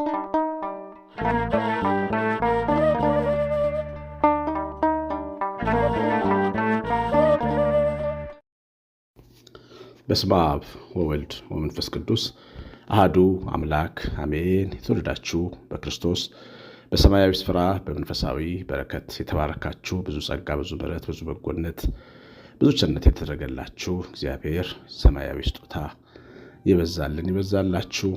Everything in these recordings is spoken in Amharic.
በስመ አብ ወወልድ ወመንፈስ ቅዱስ አህዱ አምላክ አሜን። የተወደዳችሁ በክርስቶስ በሰማያዊ ስፍራ በመንፈሳዊ በረከት የተባረካችሁ ብዙ ጸጋ፣ ብዙ ምሕረት፣ ብዙ በጎነት፣ ብዙ ቸርነት የተደረገላችሁ እግዚአብሔር ሰማያዊ ስጦታ ይበዛልን ይበዛላችሁ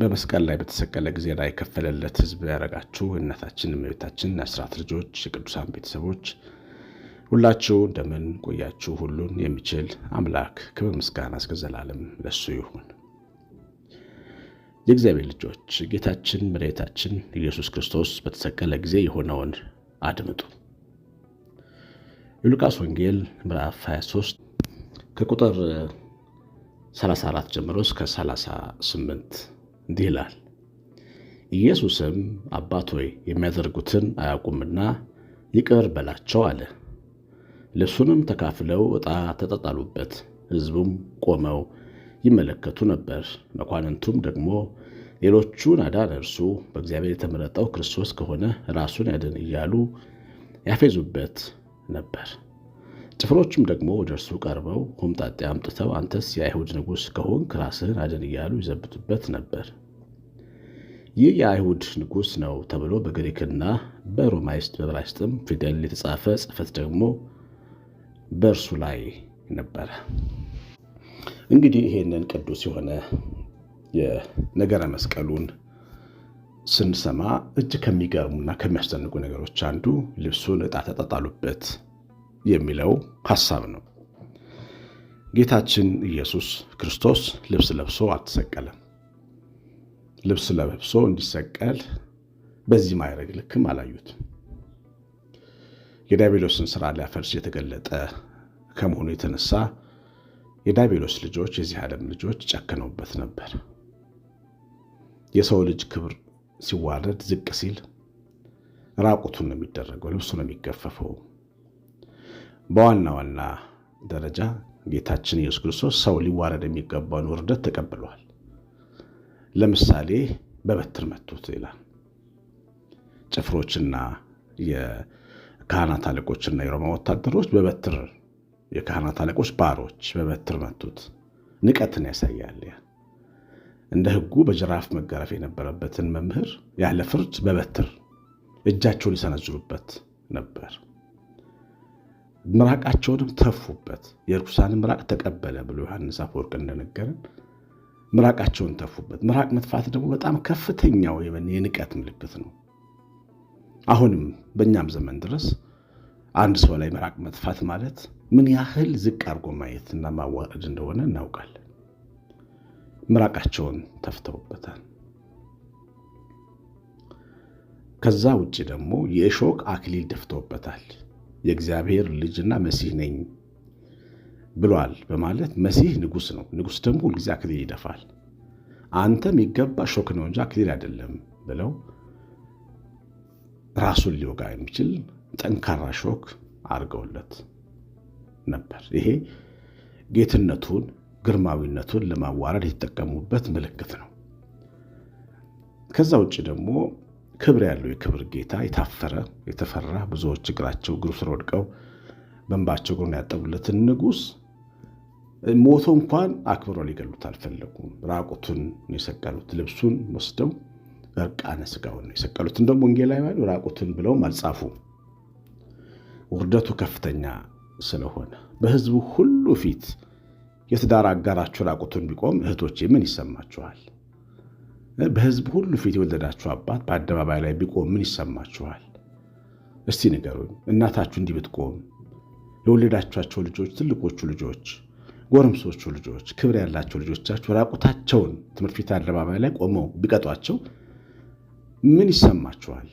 በመስቀል ላይ በተሰቀለ ጊዜ ላይ የከፈለለት ህዝብ ያደረጋችሁ እናታችን እመቤታችን አስራት ልጆች የቅዱሳን ቤተሰቦች ሁላችሁ እንደምን ቆያችሁ? ሁሉን የሚችል አምላክ ክብር ምስጋና እስከ ዘላለም ለሱ ይሁን። የእግዚአብሔር ልጆች ጌታችን መድኃኒታችን ኢየሱስ ክርስቶስ በተሰቀለ ጊዜ የሆነውን አድምጡ። የሉቃስ ወንጌል ምዕራፍ 23 ከቁጥር 34 ጀምሮ እስከ 38 እንዲህ ይላል። ኢየሱስም አባት ሆይ የሚያደርጉትን አያውቁምና ይቅር በላቸው አለ። ልብሱንም ተካፍለው ዕጣ ተጣጣሉበት። ሕዝቡም ቆመው ይመለከቱ ነበር። መኳንንቱም ደግሞ ሌሎቹን አዳን እርሱ በእግዚአብሔር የተመረጠው ክርስቶስ ከሆነ ራሱን ያድን እያሉ ያፌዙበት ነበር። ጭፍሮችም ደግሞ ወደ እርሱ ቀርበው ሆምጣጤ አምጥተው አንተስ የአይሁድ ንጉሥ ከሆንክ ራስህን አድን እያሉ ይዘብቱበት ነበር። ይህ የአይሁድ ንጉሥ ነው ተብሎ በግሪክና በሮማይስጥ በዕብራይስጥም ፊደል የተጻፈ ጽሕፈት ደግሞ በእርሱ ላይ ነበረ። እንግዲህ ይህንን ቅዱስ የሆነ የነገረ መስቀሉን ስንሰማ እጅግ ከሚገርሙና ከሚያስደንቁ ነገሮች አንዱ ልብሱን ዕጣ ተጣጣሉበት የሚለው ሐሳብ ነው። ጌታችን ኢየሱስ ክርስቶስ ልብስ ለብሶ አልተሰቀለም። ልብስ ለብሶ እንዲሰቀል በዚህ ማዕረግ ልክም አላዩት። የዲያብሎስን ስራ ሊያፈርስ የተገለጠ ከመሆኑ የተነሳ የዲያብሎስ ልጆች፣ የዚህ ዓለም ልጆች ጨክነውበት ነበር። የሰው ልጅ ክብር ሲዋረድ ዝቅ ሲል ራቁቱን ነው የሚደረገው፣ ልብሱ ነው የሚገፈፈው። በዋና ዋና ደረጃ ጌታችን ኢየሱስ ክርስቶስ ሰው ሊዋረድ የሚገባውን ውርደት ተቀብሏል። ለምሳሌ በበትር መቱት ይላል። ጭፍሮችና የካህናት አለቆችና የሮማ ወታደሮች በበትር የካህናት አለቆች ባሮች በበትር መቱት። ንቀትን ያሳያል። እንደ ሕጉ በጅራፍ መገረፍ የነበረበትን መምህር ያለ ፍርድ በበትር እጃቸውን ሊሰነዝሩበት ነበር። ምራቃቸውንም ተፉበት። የርኩሳንን ምራቅ ተቀበለ ብሎ ዮሐንስ አፈወርቅ እንደነገረን ምራቃቸውን ተፉበት። ምራቅ መጥፋት ደግሞ በጣም ከፍተኛው የንቀት ምልክት ነው። አሁንም በእኛም ዘመን ድረስ አንድ ሰው ላይ ምራቅ መጥፋት ማለት ምን ያህል ዝቅ አድርጎ ማየትና ማዋረድ እንደሆነ እናውቃለን። ምራቃቸውን ተፍተውበታል። ከዛ ውጭ ደግሞ የእሾክ አክሊል ደፍተውበታል። የእግዚአብሔር ልጅና መሲህ ነኝ ብሏል በማለት መሲህ ንጉስ ነው። ንጉስ ደግሞ ሁልጊዜ አክሊል ይደፋል። አንተ የሚገባ ሾክ ነው እንጂ አክሊል አይደለም ብለው ራሱን ሊወጋ የሚችል ጠንካራ ሾክ አድርገውለት ነበር። ይሄ ጌትነቱን ግርማዊነቱን ለማዋረድ የተጠቀሙበት ምልክት ነው። ከዛ ውጭ ደግሞ ክብር ያለው የክብር ጌታ የታፈረ የተፈራ ብዙዎች እግራቸው እግሩ ስር ወድቀው በእንባቸው እግሩን ያጠቡለትን ንጉስ ሞቶ እንኳን አክብሮ ሊገሉት አልፈለጉም። ራቁቱን የሰቀሉት። ልብሱን ወስደው እርቃነ ስጋውን ነው የሰቀሉት። እንደውም ወንጌላውያን ራቁቱን ብለውም አልጻፉም። ውርደቱ ከፍተኛ ስለሆነ በህዝቡ ሁሉ ፊት የትዳር አጋራችሁ ራቁቱን ቢቆም እህቶቼ ምን ይሰማችኋል? በህዝብ ሁሉ ፊት የወለዳችሁ አባት በአደባባይ ላይ ቢቆም ምን ይሰማችኋል? እስቲ ንገሩኝ። እናታችሁ እንዲህ ብትቆም፣ የወለዳችኋቸው ልጆች፣ ትልቆቹ ልጆች፣ ጎረምሶቹ ልጆች፣ ክብር ያላቸው ልጆቻችሁ ራቁታቸውን ትምህርት ቤት አደባባይ ላይ ቆመው ቢቀጧቸው ምን ይሰማችኋል?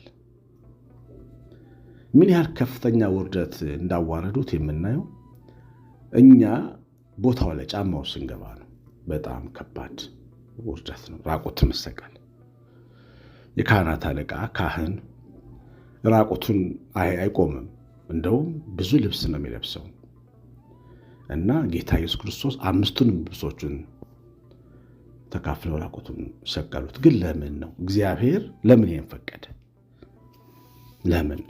ምን ያህል ከፍተኛ ውርደት እንዳዋረዱት የምናየው እኛ ቦታው ላይ ጫማው ስንገባ ነው። በጣም ከባድ ውርደት ነው። ራቁት መሰቀል። የካህናት አለቃ ካህን ራቁቱን አይቆምም። እንደውም ብዙ ልብስ ነው የሚለብሰው እና ጌታ ኢየሱስ ክርስቶስ አምስቱንም ልብሶቹን ተካፍለው ራቁቱን ሰቀሉት። ግን ለምን ነው እግዚአብሔር ለምን ይህን ፈቀደ? ለምን?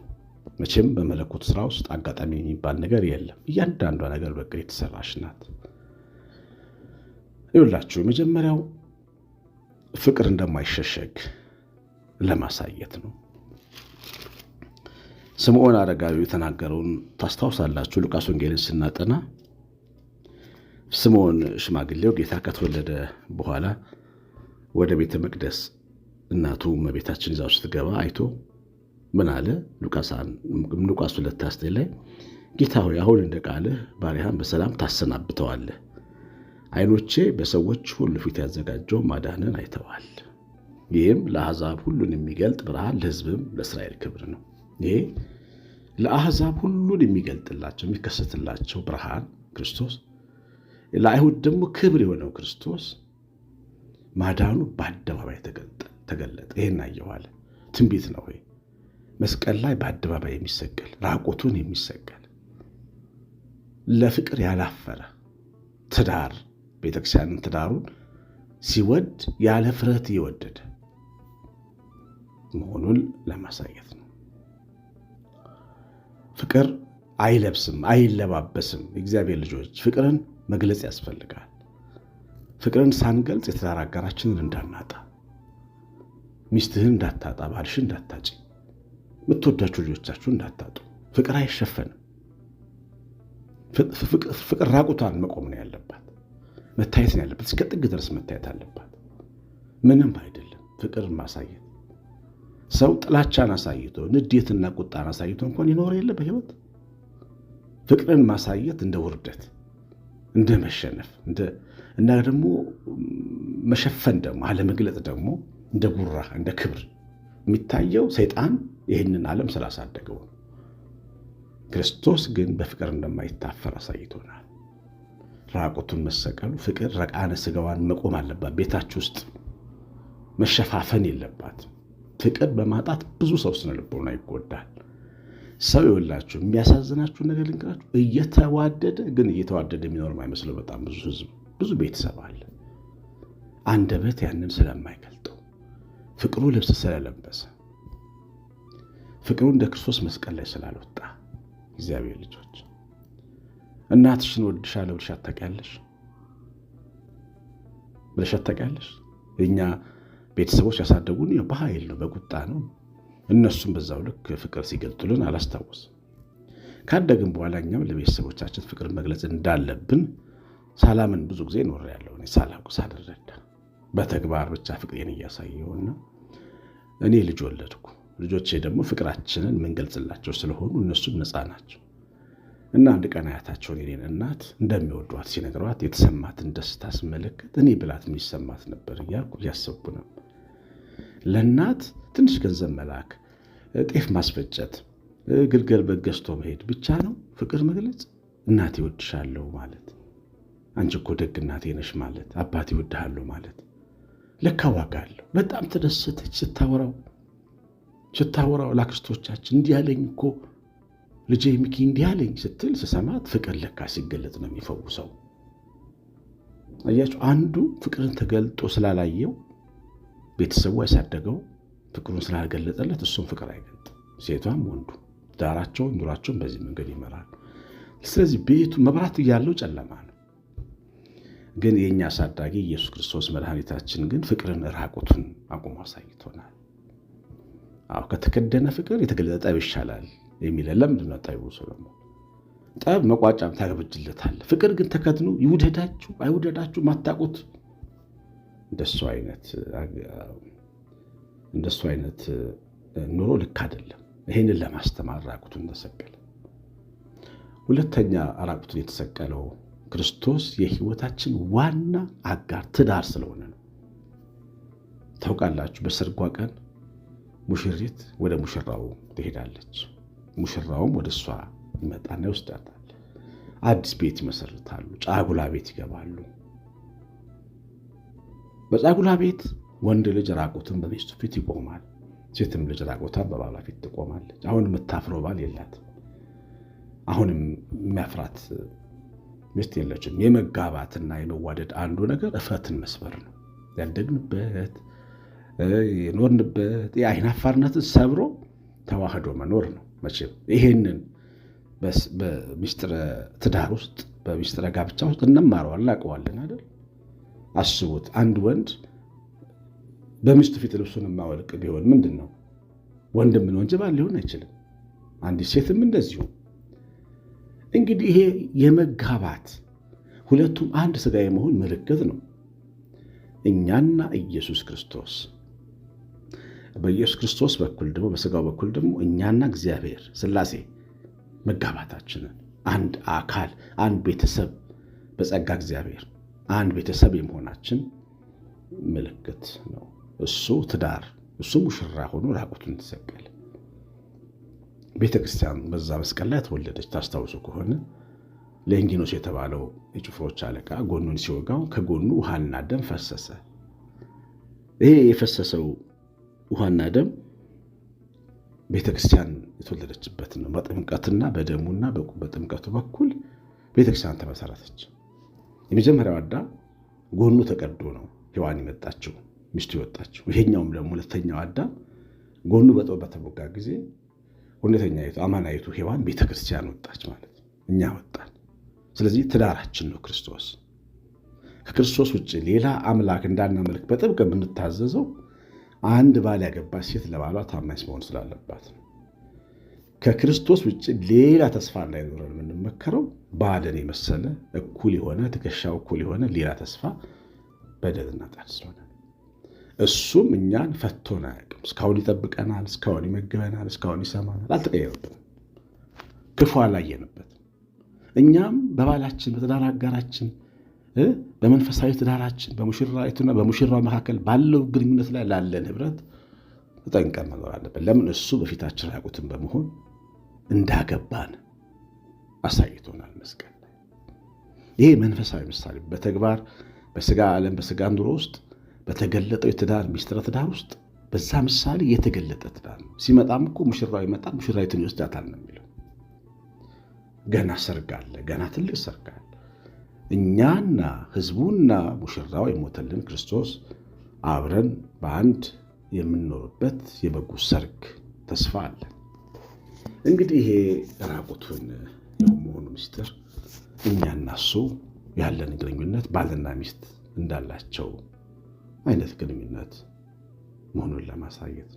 መቼም በመለኮት ስራ ውስጥ አጋጣሚ የሚባል ነገር የለም። እያንዳንዷ ነገር በቅ የተሰራች ናት። ይውላችሁ የመጀመሪያው ፍቅር እንደማይሸሸግ ለማሳየት ነው። ስምዖን አረጋዊ የተናገረውን ታስታውሳላችሁ። ሉቃስ ወንጌልን ስናጠና ስምዖን ሽማግሌው ጌታ ከተወለደ በኋላ ወደ ቤተ መቅደስ እናቱ እመቤታችን ይዛው ስትገባ አይቶ ምን አለ? ሉቃስ ሁለት ላይ ጌታ ሆይ አሁን እንደ ቃልህ ባሪያህን በሰላም ታሰናብተዋለህ ዓይኖቼ በሰዎች ሁሉ ፊት ያዘጋጀው ማዳንን አይተዋል። ይህም ለአሕዛብ ሁሉን የሚገልጥ ብርሃን፣ ለሕዝብም ለእስራኤል ክብር ነው። ይሄ ለአሕዛብ ሁሉን የሚገልጥላቸው የሚከሰትላቸው ብርሃን ክርስቶስ፣ ለአይሁድ ደግሞ ክብር የሆነው ክርስቶስ ማዳኑ በአደባባይ ተገለጠ። ይህን አየኋለ ትንቢት ነው። ወይ? መስቀል ላይ በአደባባይ የሚሰቀል ራቆቱን የሚሰቀል ለፍቅር ያላፈረ ትዳር ቤተክርስቲያንን ትዳሩን ሲወድ ያለ ፍረት እየወደደ መሆኑን ለማሳየት ነው። ፍቅር አይለብስም፣ አይለባበስም። የእግዚአብሔር ልጆች ፍቅርን መግለጽ ያስፈልጋል። ፍቅርን ሳንገልጽ የትዳር አጋራችንን እንዳናጣ፣ ሚስትህን እንዳታጣ፣ ባልሽን እንዳታጭ፣ የምትወዳቸው ልጆቻችሁ እንዳታጡ። ፍቅር አይሸፈንም። ፍቅር ራቁቷን መቆም ነው ያለባት። መታየት ነው ያለበት። እስከ ጥግ ድረስ መታየት አለባት። ምንም አይደለም ፍቅርን ማሳየት። ሰው ጥላቻን አሳይቶ ንዴትና ቁጣን አሳይቶ እንኳን ይኖር የለ በህይወት ፍቅርን ማሳየት እንደ ውርደት፣ እንደ መሸነፍ እና ደግሞ መሸፈን ደግሞ አለመግለጽ ደግሞ እንደ ጉራ፣ እንደ ክብር የሚታየው ሰይጣን ይህንን ዓለም ስላሳደገው ነው። ክርስቶስ ግን በፍቅር እንደማይታፈር አሳይቶናል። ራቁቱን መሰቀሉ ፍቅር ረቃነ ስጋዋን መቆም አለባት። ቤታች ውስጥ መሸፋፈን የለባት። ፍቅር በማጣት ብዙ ሰው ስነ ልቦና ይጎዳል። ሰው የወላችሁ የሚያሳዝናችሁ ነገር ልንገራችሁ፣ እየተዋደደ ግን እየተዋደደ የሚኖርም አይመስለው በጣም ብዙ ህዝብ፣ ብዙ ቤተሰብ አለ። አንደበት ያንን ስለማይገልጠው ፍቅሩ ልብስ ስለለበሰ ፍቅሩ እንደ ክርስቶስ መስቀል ላይ ስላልወጣ እግዚአብሔር ልጆች እናትሽን ወድሻለሁ ብለሽ አታውቂያለሽ ብለሽ አታውቂያለሽ? እኛ ቤተሰቦች ያሳደጉን በኃይል ነው፣ በቁጣ ነው። እነሱም በዛው ልክ ፍቅር ሲገልጡልን አላስታወስም። ካደግን በኋላ እኛም ለቤተሰቦቻችን ፍቅር መግለጽ እንዳለብን ሰላምን ብዙ ጊዜ ኖሬያለሁ። እኔ ሳላውቅ ሳልረዳ በተግባር ብቻ ፍቅሬን እያሳየውና እኔ ልጅ ወለድኩ። ልጆቼ ደግሞ ፍቅራችንን የምንገልጽላቸው ስለሆኑ እነሱም ነፃ ናቸው። እና አንድ ቀን አያታቸውን የኔን እናት እንደሚወዷት ሲነግሯት የተሰማትን ደስታ ስመለከት እኔ ብላት የሚሰማት ነበር እያልኩ እያሰብኩ ነው። ለእናት ትንሽ ገንዘብ መላክ፣ ጤፍ ማስፈጨት፣ ግልገል በግ ገዝቶ መሄድ ብቻ ነው ፍቅር መግለጽ? እናቴ እወድሻለሁ ማለት፣ አንቺ እኮ ደግ እናቴ ነሽ ማለት፣ አባቴ እወድሃለሁ ማለት ለካ ዋጋ አለው። በጣም ተደሰተች ስታወራው ስታወራው ላክስቶቻችን እንዲህ ያለኝ እኮ ልጄ ሚኪ እንዲህ አለኝ ስትል ስሰማት ፍቅር ለካ ሲገለጥ ነው የሚፈውሰው። አያችሁ፣ አንዱ ፍቅርን ተገልጦ ስላላየው ቤተሰቡ ያሳደገው ፍቅሩን ስላልገለጠለት እሱም ፍቅር አይገልጥ። ሴቷም ወንዱ ዳራቸውን ኑሯቸውን በዚህ መንገድ ይመራል። ስለዚህ ቤቱ መብራት እያለው ጨለማ ነው። ግን የእኛ አሳዳጊ ኢየሱስ ክርስቶስ መድኃኒታችን ግን ፍቅርን ራቁቱን አቁሞ አሳይቶናል። አዎ ከተከደነ ፍቅር የተገለጠ ይሻላል። የሚል ለምንድን ነው አታይቡ? ጠብ መቋጫ ታገበጅለታል። ፍቅር ግን ተከትኖ ይውደዳችሁ አይውደዳችሁ ማታቁት እንደሱ አይነት እንደሱ አይነት ኑሮ ልክ አይደለም። ይህንን ለማስተማር ራቁቱን ተሰቀለ። ሁለተኛ ራቁቱን የተሰቀለው ክርስቶስ የህይወታችን ዋና አጋር ትዳር ስለሆነ ነው። ታውቃላችሁ፣ በሰርጓ ቀን ሙሽሪት ወደ ሙሽራው ትሄዳለች። ሙሽራውም ወደ እሷ ይመጣና ይወስዳታል። አዲስ ቤት ይመሰርታሉ። ጫጉላ ቤት ይገባሉ። በጫጉላ ቤት ወንድ ልጅ ራቁትን በሚስቱ ፊት ይቆማል። ሴትም ልጅ ራቁታን በባሏ ፊት ትቆማለች። አሁን የምታፍረው ባል የላትም። አሁንም የሚያፍራት ሚስት የለችም። የመጋባትና የመዋደድ አንዱ ነገር እፍረትን መስበር ነው። ያደግንበት የኖርንበት የአይናፋርነትን ሰብሮ ተዋህዶ መኖር ነው። መቼም ይሄንን በሚስጥረ ትዳር ውስጥ በሚስጥረ ጋብቻ ውስጥ እንማረዋል፣ እናውቀዋለን አይደል? አስቡት አንድ ወንድ በሚስቱ ፊት ልብሱን የማወልቅ ቢሆን ምንድን ነው? ወንድም ነው እንጂ ባል ሊሆን አይችልም። አንዲት ሴትም እንደዚሁ። እንግዲህ ይሄ የመጋባት ሁለቱም አንድ ስጋ የመሆን ምልክት ነው። እኛና ኢየሱስ ክርስቶስ በኢየሱስ ክርስቶስ በኩል ደግሞ በስጋው በኩል ደግሞ እኛና እግዚአብሔር ስላሴ መጋባታችንን አንድ አካል አንድ ቤተሰብ በጸጋ እግዚአብሔር አንድ ቤተሰብ የመሆናችን ምልክት ነው። እሱ ትዳር እሱ ሙሽራ ሆኖ ራቁቱን ተሰቀለ። ቤተ ክርስቲያን በዛ መስቀል ላይ ተወለደች። ታስታውሱ ከሆነ ለንጊኖስ የተባለው የጭፍሮች አለቃ ጎኑን ሲወጋው ከጎኑ ውሃና ደም ፈሰሰ። ይሄ የፈሰሰው ውሃና ደም ቤተ ክርስቲያን የተወለደችበት ነው። በጥምቀትና በደሙና በጥምቀቱ በኩል ቤተ ክርስቲያን ተመሰረተች። የመጀመሪያው አዳም ጎኑ ተቀዶ ነው ሔዋን የመጣችው ሚስቱ የወጣችው። ይሄኛውም ደግሞ ሁለተኛው አዳም ጎኑ በጦር በተወጋ ጊዜ ሁለተኛ አማናዊቱ ሔዋን ቤተ ክርስቲያን ወጣች ማለት እኛ ወጣን። ስለዚህ ትዳራችን ነው ክርስቶስ። ከክርስቶስ ውጭ ሌላ አምላክ እንዳናመልክ በጥብቅ የምንታዘዘው አንድ ባል ያገባች ሴት ለባሏ ታማኝ መሆን ስላለባት ከክርስቶስ ውጭ ሌላ ተስፋ እንዳይኖረን የምንመከረው ባልን የመሰለ እኩል የሆነ ትከሻው እኩል የሆነ ሌላ ተስፋ በደልና ጣል ስለሆነ እሱም እኛን ፈቶን አያውቅም። እስካሁን ይጠብቀናል፣ እስካሁን ይመግበናል፣ እስካሁን ይሰማናል። አልተቀየረብንም፣ ክፉ አላየንበትም። እኛም በባላችን በትዳር አጋራችን በመንፈሳዊ ትዳራችን በሙሽራይቱና በሙሽራው መካከል ባለው ግንኙነት ላይ ላለን ህብረት ተጠንቀን መኖር አለብን። ለምን እሱ በፊታችን ራቁትን በመሆን እንዳገባን አሳይቶናል መስቀል ላይ። ይሄ መንፈሳዊ ምሳሌ በተግባር በስጋ ዓለም በስጋ ኑሮ ውስጥ በተገለጠው የትዳር ሚስጥረ ትዳር ውስጥ በዛ ምሳሌ የተገለጠ ትዳር ነው። ሲመጣም እኮ ሙሽራው ይመጣል፣ ሙሽራይቱን ይወስዳታል ነው የሚለው። ገና ሰርግ አለ፣ ገና ትልቅ ሰርግ አለ። እኛና ህዝቡና ሙሽራው የሞተልን ክርስቶስ አብረን በአንድ የምንኖርበት የበጉ ሰርግ ተስፋ አለን። እንግዲህ ይሄ ራቁቱን መሆኑ ምስጢር እኛና እሱ ያለን ግንኙነት ባልና ሚስት እንዳላቸው አይነት ግንኙነት መሆኑን ለማሳየት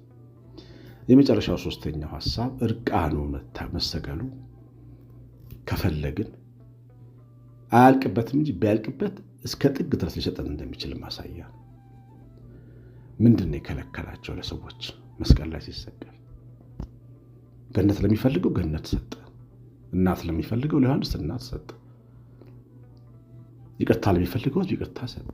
የመጨረሻው ሶስተኛው ሀሳብ እርቃኑ መሰቀሉ ከፈለግን አያልቅበትም እንጂ ቢያልቅበት እስከ ጥግ ድረስ ሊሰጠን እንደሚችል ማሳያ ምንድን ነው የከለከላቸው? ለሰዎች መስቀል ላይ ሲሰቀል ገነት ለሚፈልገው ገነት ሰጠ። እናት ለሚፈልገው ለዮሐንስ እናት ሰጠ። ይቅርታ ለሚፈልገው ይቅርታ ሰጠ።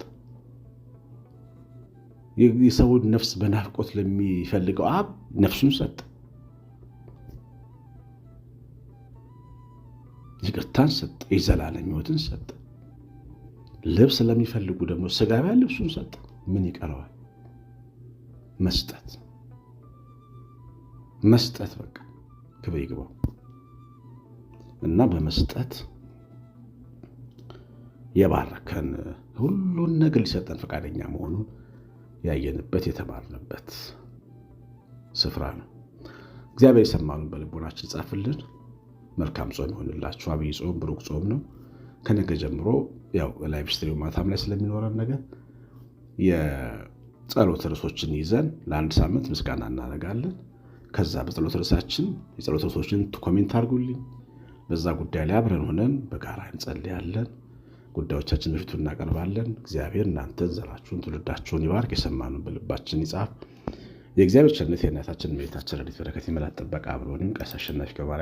የሰውን ነፍስ በናፍቆት ለሚፈልገው አብ ነፍሱን ሰጠ። ደስታን ሰጠ፣ የዘላለም ህይወትን ሰጠ። ልብስ ለሚፈልጉ ደግሞ ሥጋዊ ልብሱን ሰጠ። ምን ይቀረዋል? መስጠት መስጠት በቃ ክብር ይግባው እና በመስጠት የባረከን ሁሉን ነገር ሊሰጠን ፈቃደኛ መሆኑን ያየንበት የተማርንበት ስፍራ ነው። እግዚአብሔር የሰማኑን በልቦናችን ጻፍልን። መልካም ጾም ይሆንላችሁ። አብይ ጾም ብሩክ ጾም ነው። ከነገ ጀምሮ ያው ላይቭ ስትሪም ማታም ላይ ስለሚኖረን ነገር የጸሎት ርዕሶችን ይዘን ለአንድ ሳምንት ምስጋና እናደርጋለን። ከዛ በጸሎት ርዕሳችን የጸሎት ርዕሶችን ኮሜንት አድርጉልኝ። በዛ ጉዳይ ላይ አብረን ሆነን በጋራ እንጸልያለን። ጉዳዮቻችን በፊቱ እናቀርባለን። እግዚአብሔር እናንተ ዘራችሁን ትውልዳችሁን ይባርክ፣ የሰማነውን በልባችን ይጻፍ። የእግዚአብሔር ቸርነት የእናታችን ቤታችን ረድኤት በረከት ይመላት ጥበቃ አብሮንም ቀሲስ አሸናፊ